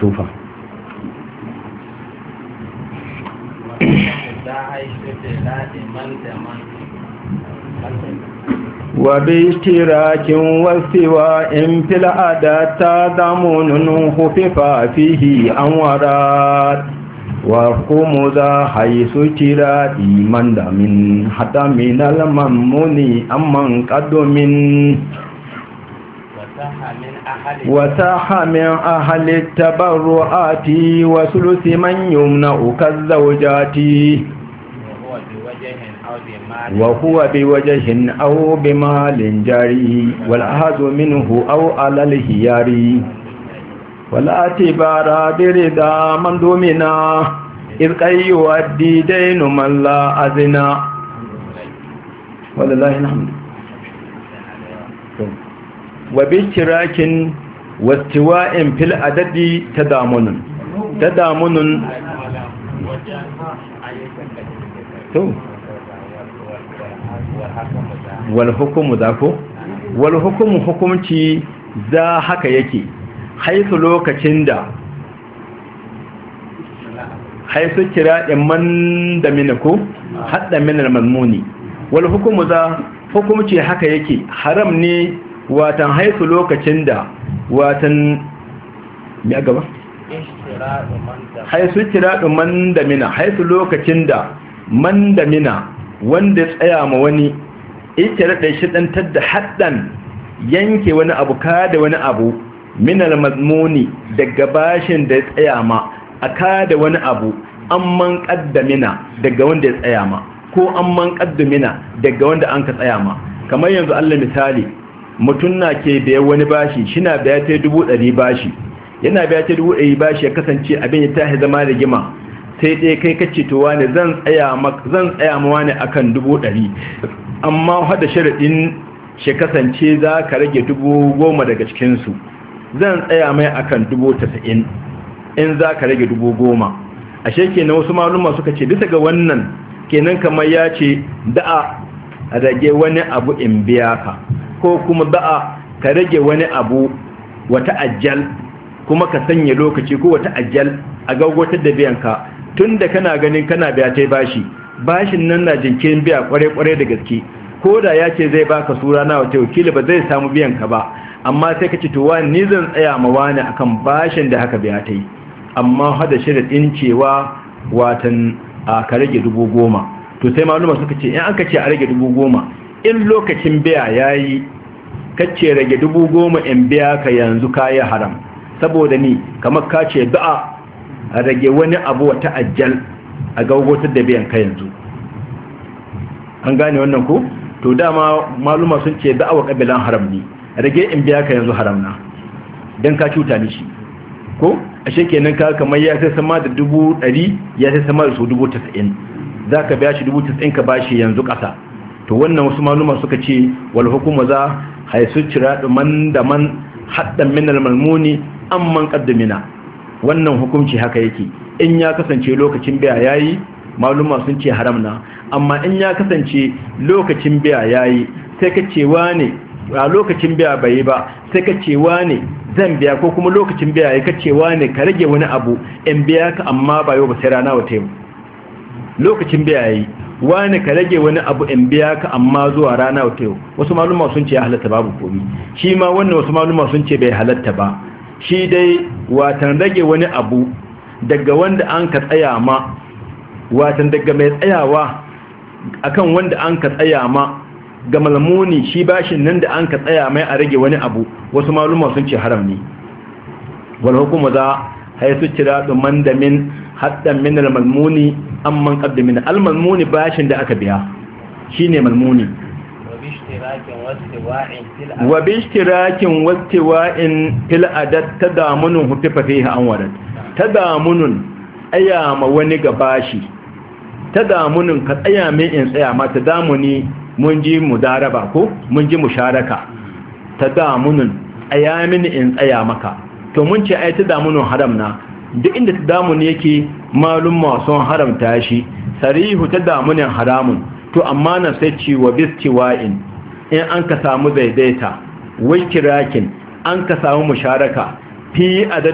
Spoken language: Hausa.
tufa wabin kirakin wasiwa in fil'ada ta damu nunu hufifa fihi an wara wa kuma za haisu kira imanda min hada min alamammuni amman kadomin وساح من أهل التبرعات وسلس من يمنع كالزوجات وهو بوجه أو بمال جاري والأهد منه أو على الهيار ولا اعتبار برضا من دومنا إذ كي يؤدي دين من لا أذنا ولله الحمد wa bishirakin wastiwa'in fil adadi tadamunun tadamunun to wal hukumu zako wal hukumu hukumci za haka yake haisu lokacin da haisu kira man da minaku hadda minar mazmuni wal hukumu za hukumci haka yake haram ne watan haisu lokacin da watan ya gaba haisu kiraɗin mandamina haisu lokacin da mandamina wanda tsaya ma wani ita da shi ɗantar da haɗɗan yanke wani abu kada wani abu minal mazmuni daga bashin da ya tsaya ma a kada wani abu an man ƙaddamina daga wanda ya tsaya ma ko an man ƙaddamina daga wanda an ka tsaya ma kamar yanzu allah misali mutum na ke biya wani bashi shi na biya ta dubu ɗari bashi yana biya ta dubu ɗari bashi ya kasance abin ya tashi zama da gima sai dai kai kacce to wani zan tsaya zan tsaya ma wani akan dubu ɗari amma hada sharaɗin shi kasance za ka rage dubu goma daga cikinsu zan tsaya mai akan dubu tasa'in in za ka rage dubu goma ashe kenan wasu maluma suka ce bisa ga wannan kenan kamar ya ce da'a a rage wani abu in biya ka ko kuma da'a ka rage wani abu wata ajal kuma ka sanya lokaci ko wata ajal a gaugotar da ka, tun da kana ganin kana biya ta bashi bashin nan na jinkirin biya kwarai-kwarai da gaske ko da ya ce zai baka sura na wata wakili ba zai samu ka ba amma sai ka ce to wani ni zan tsaya ma wani akan bashin da haka biya ta yi amma hada shirin cewa watan a ka rage dubu goma to sai maluma suka ce in aka ce a rage dubu goma in lokacin biya ya yi kacce rage dubu goma in biya ka yanzu kayi haram saboda ni kamar ka ce da'a a rage wani abu wata ajal a gaugotar da biyan ka yanzu an gane wannan ku. to dama maluma sun ce da'a wa kabilan haram ne rage in biya ka yanzu haram na don ka cuta ni shi ko ashe kenan ka kamar ya sai sama da dubu ɗari ya sai sama da su dubu tasa'in za ka biya shi dubu tasa'in ka bashi yanzu ƙasa to wannan wasu maluma suka ce wal hukuma za haisu ciradu man da man haddan min al malmuni man qaddamina wannan hukunci haka yake in ya kasance lokacin biya yayi maluma sun ce haram na amma in ya kasance lokacin biya yayi sai ka ce wane a lokacin biya bai ba sai ka ce wane zan biya ko kuma lokacin biya yayi ka ce wane ka rage wani abu in biya ka amma ba yau ba sai rana wata yau lokacin biya yayi wani ka rage wani abu in biya ka amma zuwa rana wata yau wasu maluma sun ce ya halatta babu komi shi ma wannan wasu maluma sun ce bai halatta ba shi dai watan rage wani abu daga wanda an ka tsaya ma watan daga mai tsayawa akan wanda an ka tsaya ma ga malamuni shi bashin nan da an ka tsaya mai a rage wani abu wasu maluma sun ce haram ne wani hukuma za hay cira duman da min haddan min malmuni amman qaddamina almalmuni bashin da aka biya shine malmuni wa bishtirakin wastiwa'in fil adat tadamunun hufifa fihi anwarat tadamunun ayama wani gabashi tadamunun ka tsaya min in tsaya ma tadamuni mun ji mudaraba ko mun ji musharaka tadamunun ayamin in tsaya maka to mun ce ai tadamunun haram na duk inda ta damu ne yake malum sun haramta shi sarihu ta ne haramun to amma na sai ci wa wain in an ka samu zaidaita, wai kirakin an ka samu musharaka fi